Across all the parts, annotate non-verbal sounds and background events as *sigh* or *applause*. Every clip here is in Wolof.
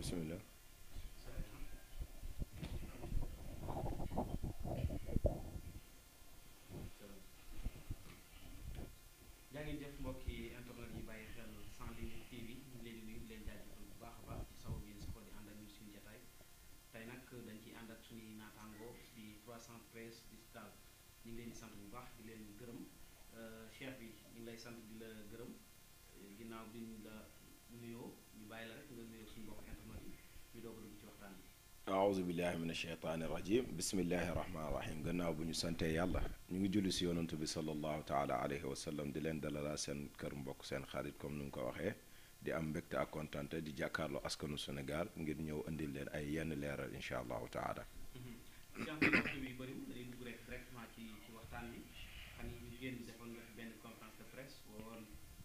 bisimilah. ngi jëf mbokk yi internet yi bàyyi xel sans limite TV ñu leen di leen jaajëfal bu baax a baax ci saw bi safoo di ànd ak ñun suñu jataay tey nag dañ ci ànd ak suñuy naataango di 313 digital ñu ngi leen di sant bu baax di leen gërëm euh, cheikh bi ñu ngi lay sant di la gërëm ginnaaw bi ñu la nuyoo ñu bàyyi la rek nga nuyoo suñu mbokk aouzu billahi min asheytaani rajim bismillahi rahmaani rahim gannaaw bu ñu santee yàlla ñu ngi julli si yonantu bi sallallahu taala alayhi wa di leen dalalaa seen kër mbokk seen xarit comme ni mu ko waxee di am mbégte ak kontante di jàkkaarloo askanu Sénégal ngir ñëw indil leen ay yenn leeral incha allahu taala mm-hmm.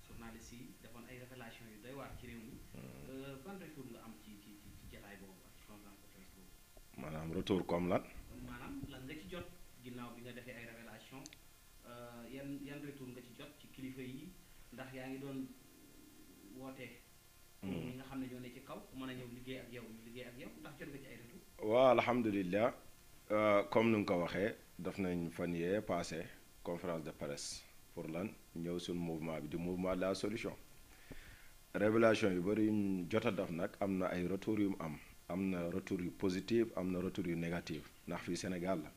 journaliste yi defoon ay révélation yu doy waar ci réew mi mm. euh, maanaam retour comme lan. maanaam lan nga ci jot ginnaaw bi nga defee ay révélation euh, yan yan retour nga ci jot ci kilifa yi ndax yaa ngi doon woote. Hmm. nga xam ne ñoo ne ci kaw mën a ñëw liggéey ak yow liggéey ak yow ndax jot nga ci ay retour. waaw alhamdulilah euh, comme ni nga ko waxee def nañ fan yee passé conférence de presse pour lan ñëw suñu mouvement bi di mouvement de la solution révélation yu bëri yu jot a def nag am na ay retour yu mu am. am na retour yu positif am na retour yu négatif ndax fii Sénégal la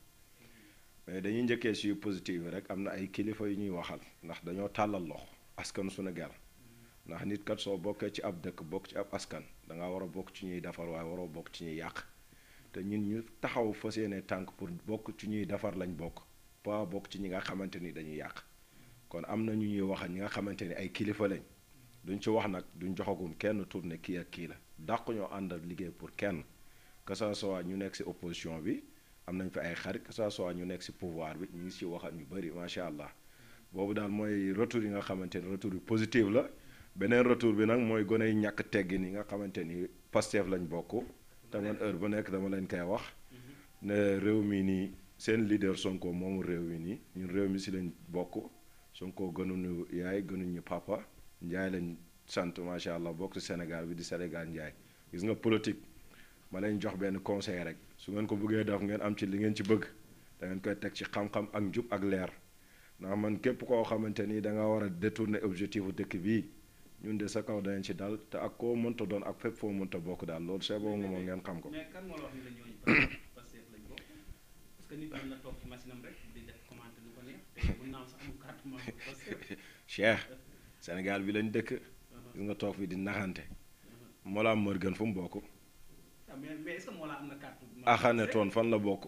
mais dañuy njëkkee si yu positif yi rek am na ay kilifa yu ñuy waxal ndax dañoo tàllal loxo askan Sénégal ndax nit kat soo bokkee ci ab dëkk bokk ci ab askan da nga war a bokk ci ñuy defar waaye waroo bokk ci ñuy yàq te ñun ñu taxaw fa yéene tànk pour bokk ci ñuy defar lañ bokk pas bokk ci ñi nga xamante ni dañuy yàq kon am na ñu ñuy waxal ñi nga xamante ni ay kilifa lañ duñ ci wax nag duñ joxagum kenn tourné kii ak kii la. dàq ñoo àndal liggéey pour kenn que ça soit ñu nekk si opposition bi am nañ fa ay xarit que ça ñu nekk si pouvoir bi ñu ngi ci waxat ñu bëri macha allah boobu daal mooy retour yi nga xamante ni retour yu positive la beneen retour bi nag mooy gone yi ñàkk teggin ni nga xamante ni Pastef lañ bokk te man heure bu nekk dama leen koy wax réew mi nii seen leader Sonko moomu réew mi nii ñun réew mi ci lañ bokk Sonko gënuñu yaay gënuñu papa njaay lañ sant macha allah bokk ci Sénégal bi di Sénégal njaay gis nga politique ma leen jox benn conseil rek su ngeen ko bëggee def ngeen am ci li ngeen ci bëgg dangeen ngeen koy teg ci xam-xam ak njub ak leer ndax man képp koo xamante ni da nga war a détourner objectif dëkk bii ñun de sa kaw danañ ci dal te ak koo mënta doon ak fépp foo mënta bokk daal loolu c'est bon nga ngeen xam ko. *laughs* Cheikh Sénégal bi lañ dëkk. gis nga toog fii di naxante Mollah Morgun fu mu bokk. Axane ah, ah, fan la bokk.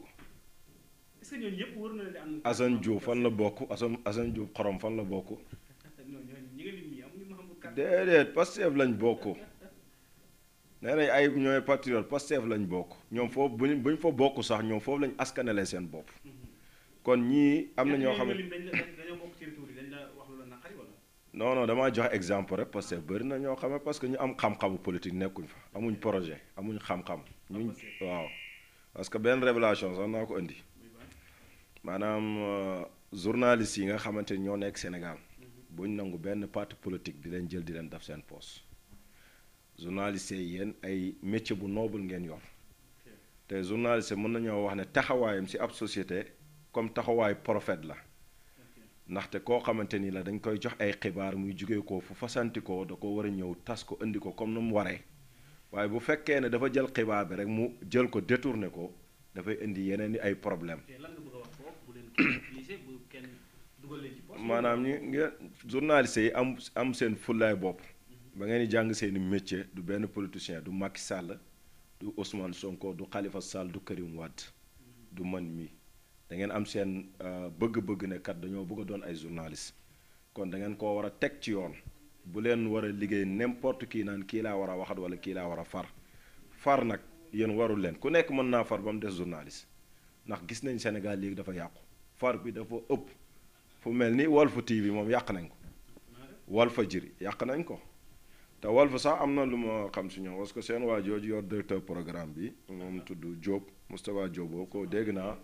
Assane Diouf fan la bokk Assane Assane Diouf xorom fan la bokk. *laughs* déedéet Pastef lañ bokk nee nañ ay ñooy patriote Pastef lañ bokk ñoom foofu buñ buñ fa bokk sax ñoom foofu lañ askanale seen bopp mm-hmm. kon ñii am na ñoo xam non damaa jox exemple rek parce que bëri na ñoo xamee parce que ñu am xam-xamu politique nekkuñ fa amuñ projet amuñ xam-xam ñu waaw parce que benn révélation sax naa ko indi maanaam euh, journaliste yi nga xamante ni ñoo nekk Sénégal buñ nangu benn parti politique di leen jël di leen def seen poste journaliste yi yéen ay métier bu noble ngeen yor te journaliste mën nañoo wax ne taxawaayam ci ab société comme taxawaayu prophète la ndaxte koo xamante ni la dañ koy jox ay xibaar muy jugee ko fu fasantikoo da ko war a ñëw tas ko indi ko comme nu mu waree waaye bu fekkee ne dafa jël xibaar bi rek mu jël ko détourné ko dafay indi yeneen i ay problème *coughs* maanaam ñi ngeen journaliste yi am am seen fullaay bopp mhm. ba ngeen di jàng seeni métier du benn politicien du Macky sàll du Ousmane Sonko du Khalifa Sall du Karim Wade mhm. du man mi da ngeen am seen euh, bëgg-bëgg ne kat dañoo bëgg doon ay journaliste kon da ngeen koo war a teg ci yoon bu leen war a liggéey n'importe kii naan kii laa war a waxat wala kii laa war a far far nag yéen warul leen ku nekk mën naa far ba mu des journaliste ndax gis nañ Sénégal léegi dafa yàqu far bi dafa ëpp fu mel ni Walfu TV moom yàq nañ ko Walfadjri yàq nañ ko te Walf sax am na lu ma xam si ñoom parce que seen waa jooju yor directeur programme bi moom tudd Diop Moustapha Diop boo ko dégg naa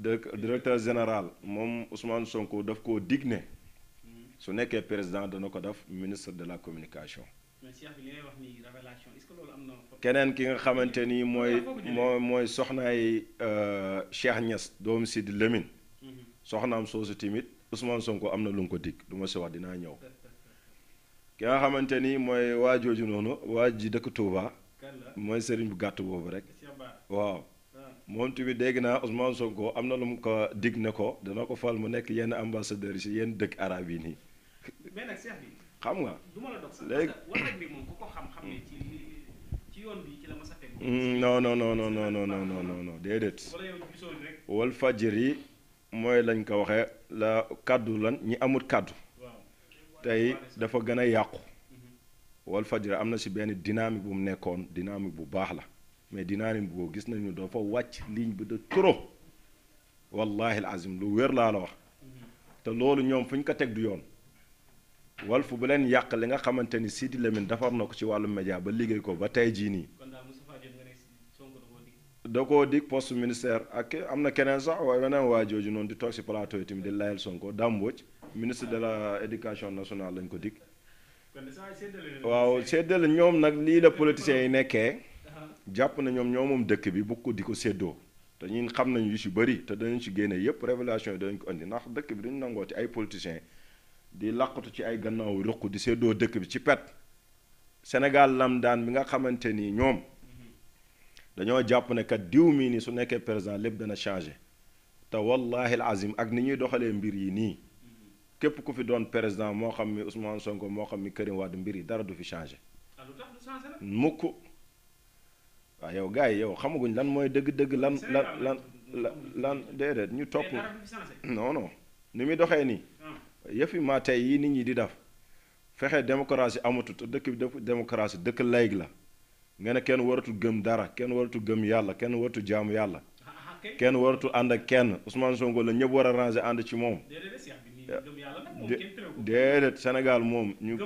directeur général moom Ousmane Sonko daf ko dig ne su nekkee président dana ko def ministre de la communication. keneen ki nga xamante nii mooy mooy mooy soxnaay euh, Cheikh Niass doomu si lemin mhm. soxnaam soosu tamit Ousmane Sonko am na lu nga ko dig du ma si wax dinaa ñëw. ki nga xamante ni mooy waa jooju noonu waa ji dëkk Touba. mooy sëriñ bu gàtt boobu rek. waaw. moom tamit dégg naa Ousmane Sonko am na lu mu ko dig ne ko dana ko fal mu nekk yenn ambassadeur yi si yenn dëkk arab yi nii. mais nag Cheikh bi. xam nga léegi non non non non non non non non non déedéet. wal fajir yi mooy lañ ko waxee la kàddu lan ñi amul kàddu. tey dafa gën a yàqu. wal fajir am na si benn dynamique bu mu nekkoon dynamique bu baax la. mais dinaa ne bugoo gis nañu dafa wàcc ligne bi de trop wallahi alazim lu wér laa la wax te loolu ñoom fu ñu ko teg du yoon Walf bu leen yàq li nga xamante ni Sidi Lamine defar na ko ci wàllu média ba liggéey ko ba tey jii nii da koo dig poste ministère ak am na keneen sax waaye weneen waa jooju noonu di toog si plateau yi tamit di layal Sonko Dame ministre de la éducation nationale lañ ko dig waaw seddale ñoom nag lii la politiciens yi nekkee jàpp na ñoom ñoo moom dëkk bi bu di ko séddoo te ñun xam nañu yu si bëri te dañu si génne yëpp révélation yi danañ ko indi ndax dëkk bi duñu nangoo ci ay politiciens di làqatu ci ay gannaaw ruq di séddoo dëkk bi ci pet Sénégal lam daan bi nga xamante ni ñoom dañoo jàpp ne kat diw mii nii su nekkee président lépp dana changé te wallahi al azim ak ni ñuy doxalee mbir yi nii képp ku fi doon président moo xam mi Ousmane Sonko moo xam mi Karim Wade mbir yi dara du fi changé ah, waa yow gars yi yow xamaguñ lan mooy dëgg-dëgg lan lan lan lan lan déedéet ñu topp eh. non non ni muy doxee nii ah. yëf yi tey yi nit ñi di def fexe démocratie amatul te dëkk bi def dëkk layig la nga ne kenn waratul gëm dara kenn waratul gëm yàlla kenn waratul jaamu yàlla ah, ah, kenn waratul ànd ak kenn Ousmane Sonko la ñëpp war a ranger ànd ci moom déedéet Sénégal moom ñu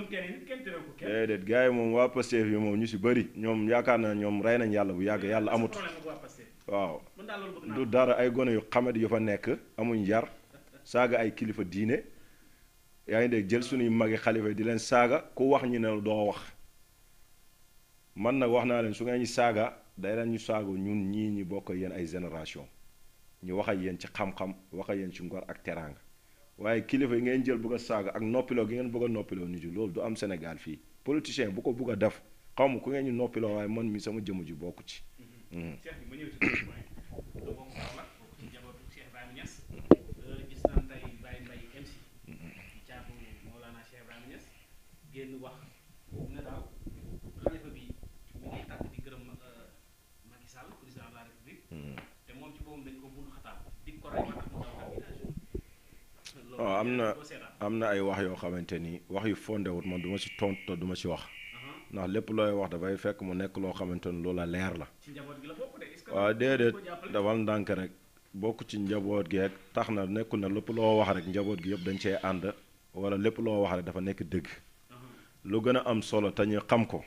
déedéet gars yi moom waa Pastef yi moom ñu si bëri ñoom yaakaar na ñoom rey nañ yàlla bu yàgg yàlla amut waaw du dara ay gone yu xamet yu fa nekk amuñ yar *laughs* saaga ay kilifa diine yaa ngi dégg jël ah. suñuy magi xalifa di leen saaga ku wax ñu ne doo wax man nag wax naa leen su ngeen ñu saaga day leen ñu saaga ñu ñii ñi bokk yéen ay génération ñu wax ak yéen ci xam-xam wax ak ci ngor ak teraanga waaye kilifa yi ngeen jël bugg a saaga ak noppiloo gi ngeen bëgg a noppiloo nit yi loolu du am senegal fii politicien bu ko bëgg a def xaw ku ngeen ñu noppiloo waaye man mi sama jëmm ji bokku ci. Hmm. Euh, hmm. génn wax waaw oh, am na am na ay wax yoo xamante ni wax yu fondé wut man du ma si tontu te duma ma si wax uh-huh. ndax lépp looy wax dafay fekk mu nekk loo xamante ni la leer la waaw déedéet dafal ndànk rek bokk ci njaboot gi rek tax na nekkul na lépp loo wax rek njaboot gi yëpp dañ cee ànd wala lépp loo wax rek dafa nekk dëgg uh-huh. lu gën a am solo te ñu xam ko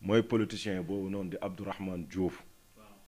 mooy politicien boobu noonu di Abdourahmane Diouf